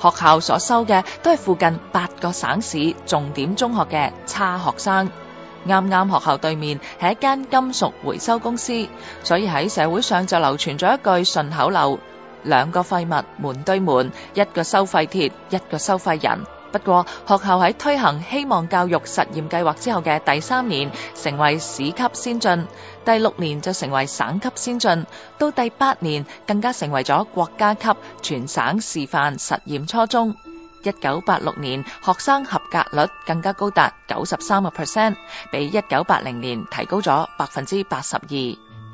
學校所收嘅都係附近八個省市重點中學嘅差學生。啱啱學校對面係一間金屬回收公司，所以喺社會上就流傳咗一句順口溜，兩個廢物門對門，一個收廢鐵，一個收廢人。不過，學校喺推行希望教育實驗計劃之後嘅第三年成為市級先進，第六年就成為省級先進，到第八年更加成為咗國家級全省示範實驗初中。一九八六年學生合格率更加高達九十三個 percent，比一九八零年提高咗百分之八十二。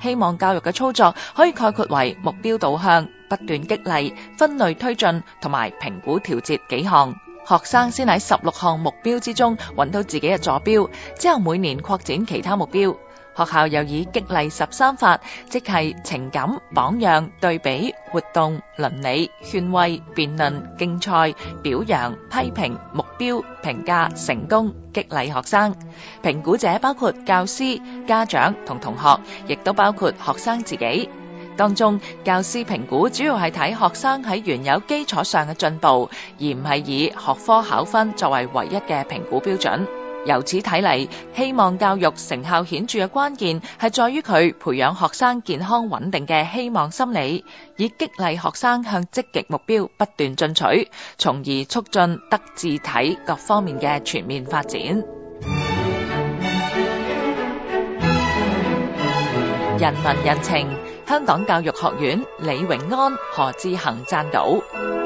希望教育嘅操作可以概括為目標導向、不斷激勵、分類推進同埋評估調節幾項。學生先喺十六項目標之中揾到自己嘅坐標，之後每年擴展其他目標。學校又以激勵十三法，即係情感、榜樣、對比、活動、倫理、勸慰、辯論、競賽、表揚、批評、目標、評價、成功激勵學生。評估者包括教師、家長同同學，亦都包括學生自己。當中，教師評估主要係睇學生喺原有基礎上嘅進步，而唔係以學科考分作為唯一嘅評估標準。由此睇嚟，希望教育成效顯著嘅關鍵係在於佢培養學生健康穩定嘅希望心理，以激勵學生向積極目標不斷進取，從而促進德智體各方面嘅全面發展。人民人情。香港教育學院李永安、何志恒撰稿。